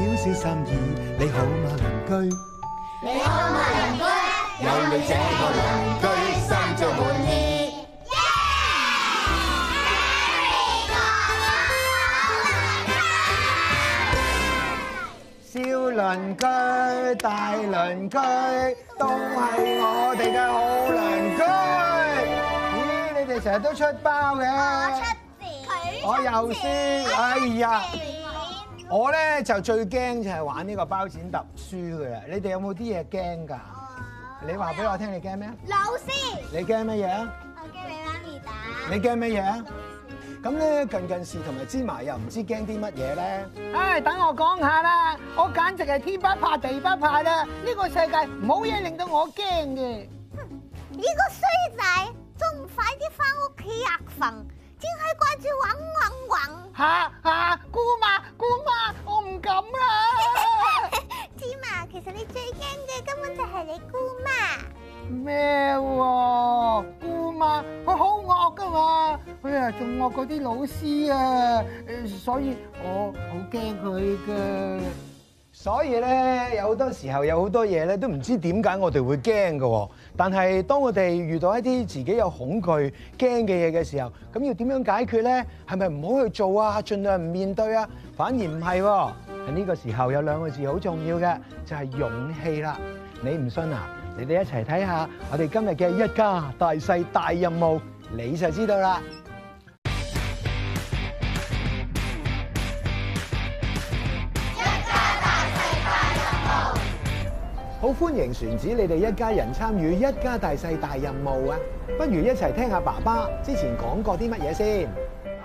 小小心意，你好嗎，鄰居？你好嗎，鄰居？有你這個鄰居，心中滿意。耶！Happy Good Neighbor！小鄰居、大鄰居，都係我哋嘅好鄰居。咦， 你哋成日都出包嘅？我出字，出事我又輸。哎呀！我咧就最驚就係玩呢個包剪揼輸嘅啦。你哋有冇啲嘢驚㗎？你話俾我聽，你驚咩？老師。你驚乜嘢啊？我驚你媽咪打。你驚乜嘢啊？咁咧師近近視同埋芝麻又唔知驚啲乜嘢咧？唉，等我講下啦，我簡直係天不怕地不怕啦，呢個世界冇嘢令到我驚嘅。哼！你，呢個衰仔，仲唔快啲翻屋企入房？淨係掛住玩玩玩，嚇嚇姑媽，姑媽，我唔敢啦。芝麻 其實你最驚嘅根本就係你姑媽咩喎？姑媽佢好惡噶嘛，佢啊仲惡過啲老師啊，所以我好驚佢㗎。所以咧，有好多時候有好多嘢咧，都唔知點解我哋會驚嘅。但係當我哋遇到一啲自己有恐懼、驚嘅嘢嘅時候，咁要點樣解決咧？係咪唔好去做啊？盡量唔面對啊？反而唔係喎。喺呢個時候有兩個字好重要嘅，就係勇氣啦。你唔信啊？你哋一齊睇下我哋今日嘅一家大細大任務，你就知道啦。好歡迎船子，你哋一家人參與一家大細大任務啊！不如一齊聽下爸爸之前講過啲乜嘢先。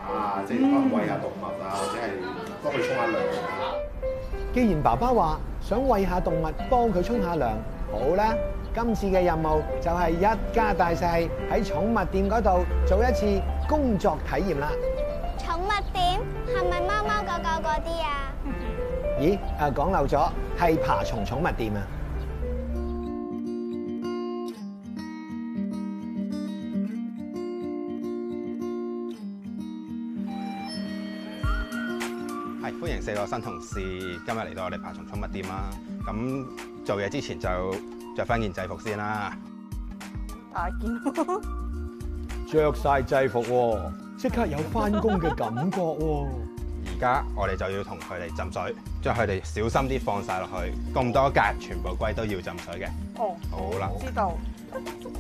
啊，即係喂下動物啊，或者係幫佢沖下涼。啊，既然爸爸話想喂下動物，幫佢沖下涼，好啦，今次嘅任務就係一家大細喺寵物店嗰度做一次工作體驗啦。寵物店係咪貓貓狗狗嗰啲啊？嗯、咦，啊講漏咗，係爬蟲寵物店啊！四個新同事今日嚟到我哋爬蟲寵物店啦，咁做嘢之前就着翻件制服先啦。大件，着晒制服喎，即刻有翻工嘅感覺喎。而家我哋就要同佢哋浸水，將佢哋小心啲放晒落去，咁多格全部龜都要浸水嘅。哦，好啦，知道。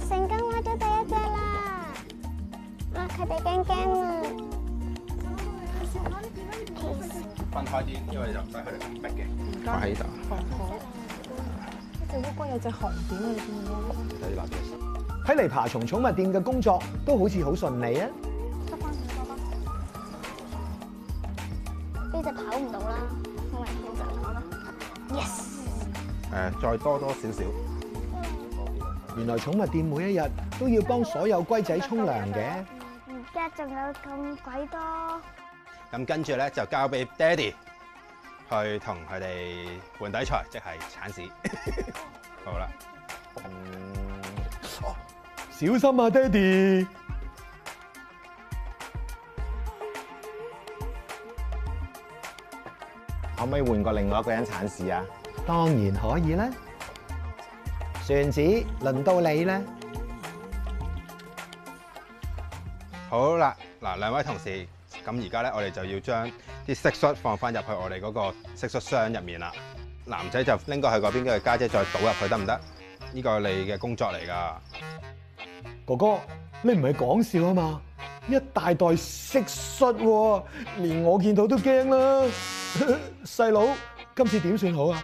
成功攞咗第一隻啦，哇，佢哋驚驚啊。分開啲，因為就唔使佢哋咁逼嘅。喺呢度。喺度謝。呢隻烏龜有隻紅點你知唔知啊？有啲藍點。睇嚟爬蟲寵物店嘅工作都好似好順利啊！得翻少少啦。呢隻跑唔到啦，寵物兔仔。Yes。誒、嗯，再多多少少。嗯、原來寵物店每一日都要幫所有龜仔沖涼嘅。而家仲有咁鬼多。咁跟住咧，就交俾爹哋去同佢哋換底菜，即係鏟屎。好啦，小心啊，爹哋！可唔可以換個另外一個人鏟屎啊？當然可以啦，船子，輪到你啦！好啦，嗱兩位同事。咁而家咧，我哋就要將啲蟋蟀放翻入去我哋嗰個蟋蟀箱入面啦。男仔就拎過去嗰邊，俾佢家姐再倒入去得唔得？呢個係你嘅工作嚟㗎。哥哥，你唔係講笑啊嘛？一大袋蟋蟀啊，連我見到都驚啦。細佬，今次點算好啊？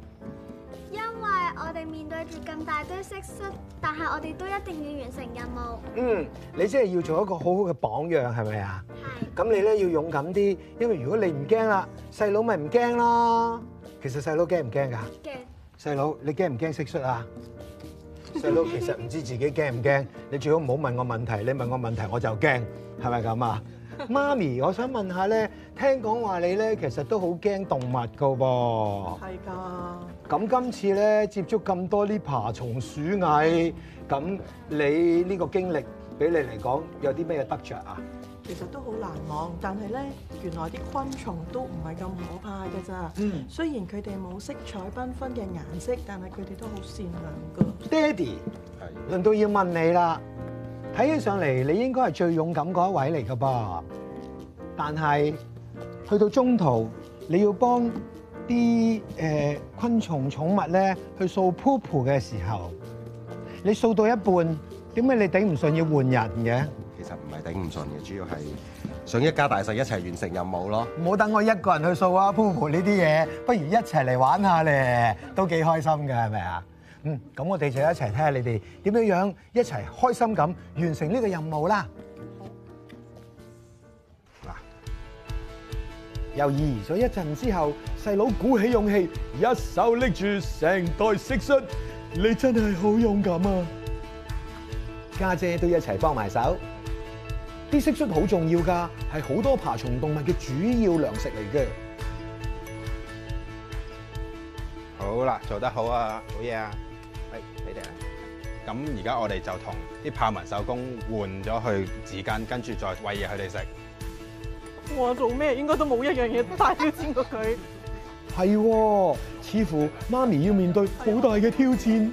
我哋面對住咁大堆蟋蟀，但係我哋都一定要完成任務。嗯，你即係要做一個好好嘅榜樣，係咪啊？係是的。咁你咧要勇敢啲，因為如果你唔驚啦，細佬咪唔驚咯。其實細佬驚唔驚噶？驚。細佬，你驚唔驚蟋蟀啊？細佬怕的，其實唔知自己驚唔驚。你最好唔好問我問題，你問我問題我就驚，係咪咁啊？媽咪，我想問下咧，聽講話你咧其，是的 其實都好驚動物噶噃。係㗎。咁今次咧接觸咁多啲爬蟲鼠蟻，咁你呢個經歷俾你嚟講有啲咩得着啊？其實都好難忘，但係咧原來啲昆蟲都唔係咁可怕㗎咋。嗯。雖然佢哋冇色彩繽紛嘅顏色，但係佢哋都好善良㗎。爹哋爸，係。是的 輪到要問你啦。睇起上嚟，你應該係最勇敢嗰一位嚟㗎噃。但係去到中途，你要幫啲誒昆蟲寵物咧去掃 poopoo 嘅時候，你掃到一半，點解你頂唔順要換人嘅？其實唔係頂唔順嘅，主要係想一家大細一齊完成任務咯。唔好等我一個人去掃啊 poopoo 呢啲嘢，不如一齊嚟玩下咧，都幾開心嘅，係咪啊？嗯，咁我哋就一齊睇下你哋點樣樣一齊開心咁完成呢個任務啦。嗱，猶豫咗一陣之後，細佬鼓起勇氣，一手拎住成袋蟋蟀，你真係好勇敢啊！家姐都一齊幫埋手，啲蟋蟀好重要㗎，係好多爬蟲動物嘅主要糧食嚟嘅。好啦，做得好啊，好嘢啊！咁而家我哋就同啲豹紋手工換咗去紙巾，跟住再喂嘢佢哋食。我做咩？應該都冇一樣嘢大挑戰過佢。係、 哦，似乎媽咪要面對好大嘅挑戰。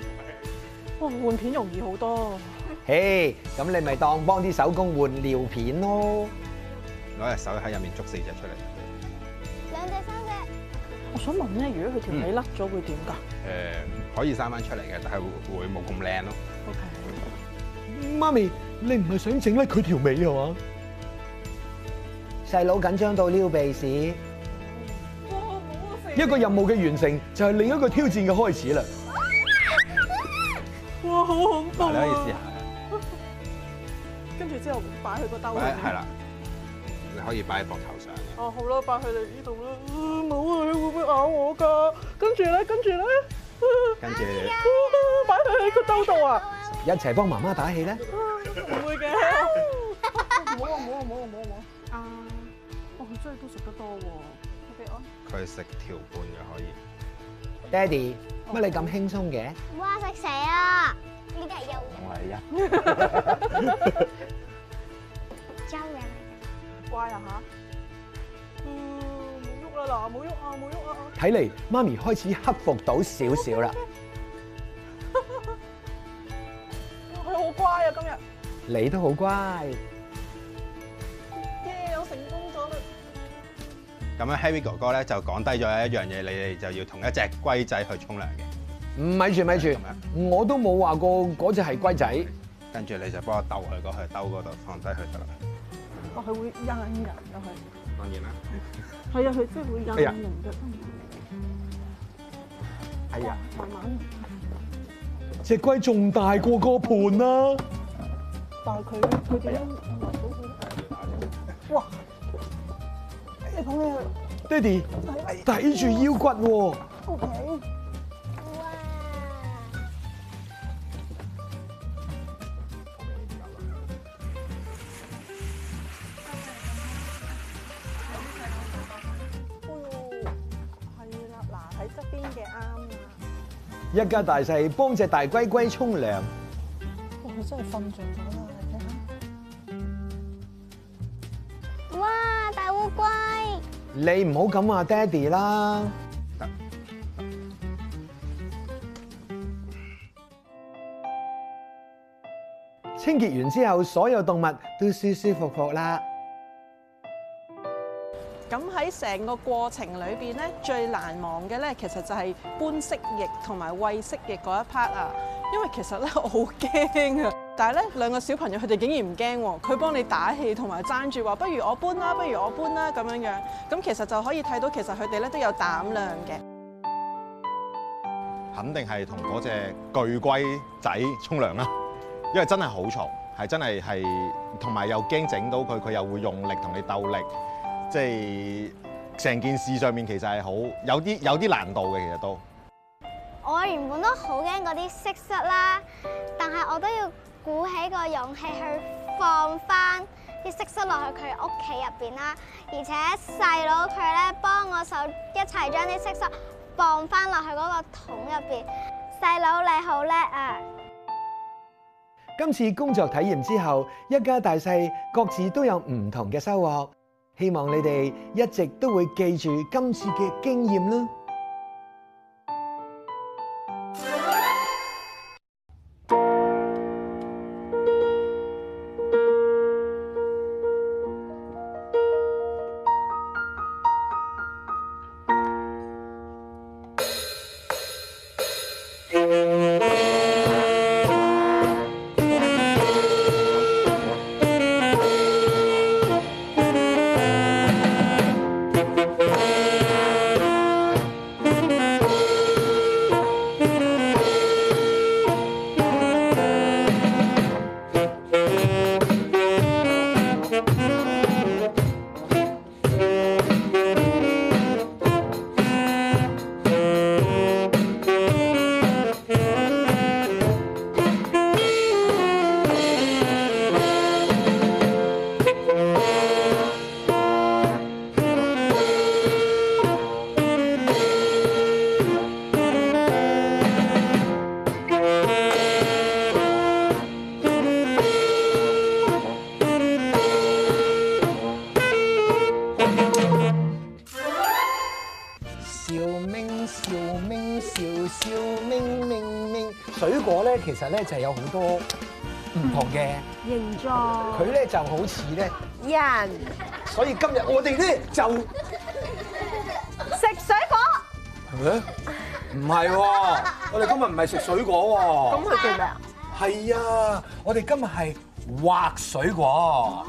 哇、哦，換片容易好多。嘿，咁你咪當幫啲手工換尿片咯。攞隻手喺入面捉四隻出嚟。兩隻，三隻。我想問咧，如果佢條尾甩咗，會點㗎？誒、嗯，可以生返出嚟嘅，但係會冇咁靚囉。OK，媽咪，你唔係想整甩佢條尾啊嘛？細佬緊張到撩鼻屎。一個任務嘅完成，就係、是、另一個挑戰嘅開始啦。哇！好恐怖，啊。你可以試下。跟住之後擺佢個兜。係啦。可以擺喺膊頭上嘅。哦，好啦，擺喺你呢度啦。唔好啊，佢會唔會咬我㗎？跟住咧，跟住咧，跟住，擺喺你個兜度啊！一齊幫媽媽打氣咧。唔會嘅。唔好啊，唔好啊，唔好啊，唔好啊。啊，我所以都食得多喎。佢食條半嘅可以。Daddy，乜你咁輕鬆嘅？哇！食蛇啊！你嚟啊！嚟啊！哈哈哈哈哈！走呀！乖啊吓，嗯，冇喐啦嗱，冇喐啊，冇喐啊，睇嚟媽咪開始克服到少少啦，佢好乖啊今日，你都好乖，耶，我成功咗啦。咁啊，Harry 哥哥咧就講低咗一樣嘢，你哋就要同一隻龜仔去沖涼嘅。唔咪住咪住，我都冇話過嗰隻係龜仔，跟住你就幫我兜佢過去兜嗰度放低佢得啦。佢會引人，又係當然啦。係啊、哎，佢真係會引人哎呀，呀！慢慢這、啊，隻龜仲大過個盤啦。但係佢佢點哇！你講咩？爹哋抵住腰骨 OK。一家大細幫隻大龜龜沖涼。我真係瞓着咗啦，哇，大烏龜！你唔好咁話爹哋啦。清潔完之後，所有動物都舒舒服服啦。咁喺成個過程裏邊咧，最難忘嘅咧，其實就係搬蜥蜴同埋餵蜥蜴嗰一 part 啊，因為其實咧我好驚啊，但係咧兩個小朋友佢哋竟然唔驚喎，佢幫你打氣同埋爭住話，不如我搬啦，不如我搬啦咁樣樣，咁其實就可以睇到其實佢哋咧都有膽量嘅。肯定係同嗰隻巨龜仔沖涼啦，因為真係好嘈，係真係係，同埋又驚整到佢，佢又會用力同你鬥力。即係成件事上面，其實係好有啲有啲難度嘅，其實都。我原本都好驚嗰啲蟋蟀啦，但係我都要鼓起個勇氣去放翻啲蟋蟀落去佢屋企入邊啦。而且細佬佢咧幫我手一齊將啲蟋蟀放翻落去嗰個桶入邊。細佬你好叻啊！今次工作體驗之後，一家大細各自都有唔同嘅收穫。希望你哋一直都會記住今次嘅經驗啦。其實咧就係有好多唔同嘅、嗯、形狀，佢咧就好似咧人，所以今日我哋咧就食水果係咪？唔係喎，我哋今日唔係食水果喎。咁佢做咩啊？係啊，我哋今日係畫水果。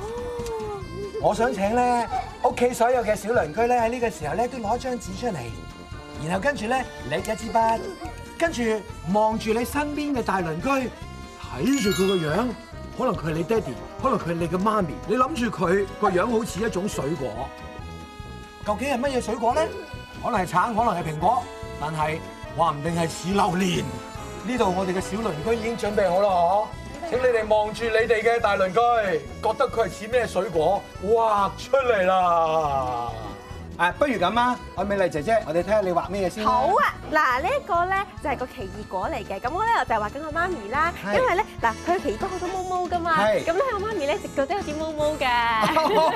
我想請咧屋企所有嘅小鄰居咧喺呢個時候咧都攞張紙出嚟，然後跟住咧搦一支筆。跟住望住你身邊嘅大鄰居，睇住佢個樣，可他是爸爸，可能佢係你爹哋，可能佢係你嘅媽咪。你諗住佢個樣好似一種水果，究竟係乜嘢水果咧？可能係橙，可能係蘋果，但係話唔定係似榴蓮。呢度我哋嘅小鄰居已經準備好啦，嚇！請你哋望住你哋嘅大鄰居，覺得佢係似咩水果，畫出嚟啦！啊，不如咁啊，我美麗姐姐，我哋睇下你畫咩嘢先。好啊，嗱呢個咧就係個奇異果嚟嘅，咁我咧就係畫緊我媽咪啦，因為咧嗱佢其他好多毛毛噶嘛，咁咧我媽咪咧亦覺得有啲毛毛嘅。好啊，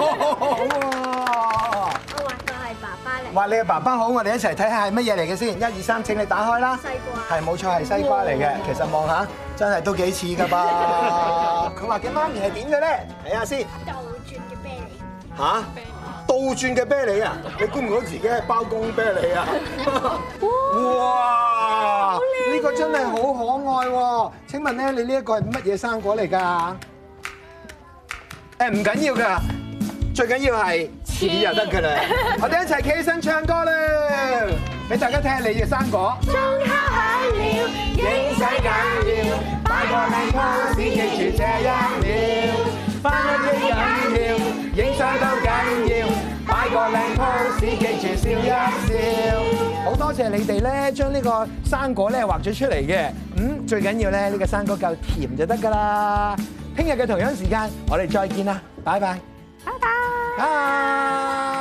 我畫就係爸爸咧。畫你嘅爸爸好，我哋一齊睇下係乜嘢嚟嘅先，一二三，請你打開啦。西瓜。係冇錯係西瓜嚟嘅，其實望下真係都幾似噶噃。佢話嘅媽咪係點嘅咧？睇下先。倒轉嘅啤梨。吓？互轉嘅啤梨啊！你估唔估到自己係包公啤梨啊？哇！呢哇美、啊、個真係好可愛喎、啊！請問咧，你呢一個係乜嘢生果嚟㗎？誒唔緊要㗎，最緊要係似就得㗎啦！我哋一齊企身唱歌啦！俾大家睇下你嘅生果像。中多謝，謝你哋咧，將呢個生果咧畫咗出嚟嘅。嗯，最緊要咧呢個生果夠甜就得㗎啦。聽日嘅同樣時間，我哋再見啦，拜拜，拜拜。拜拜拜拜。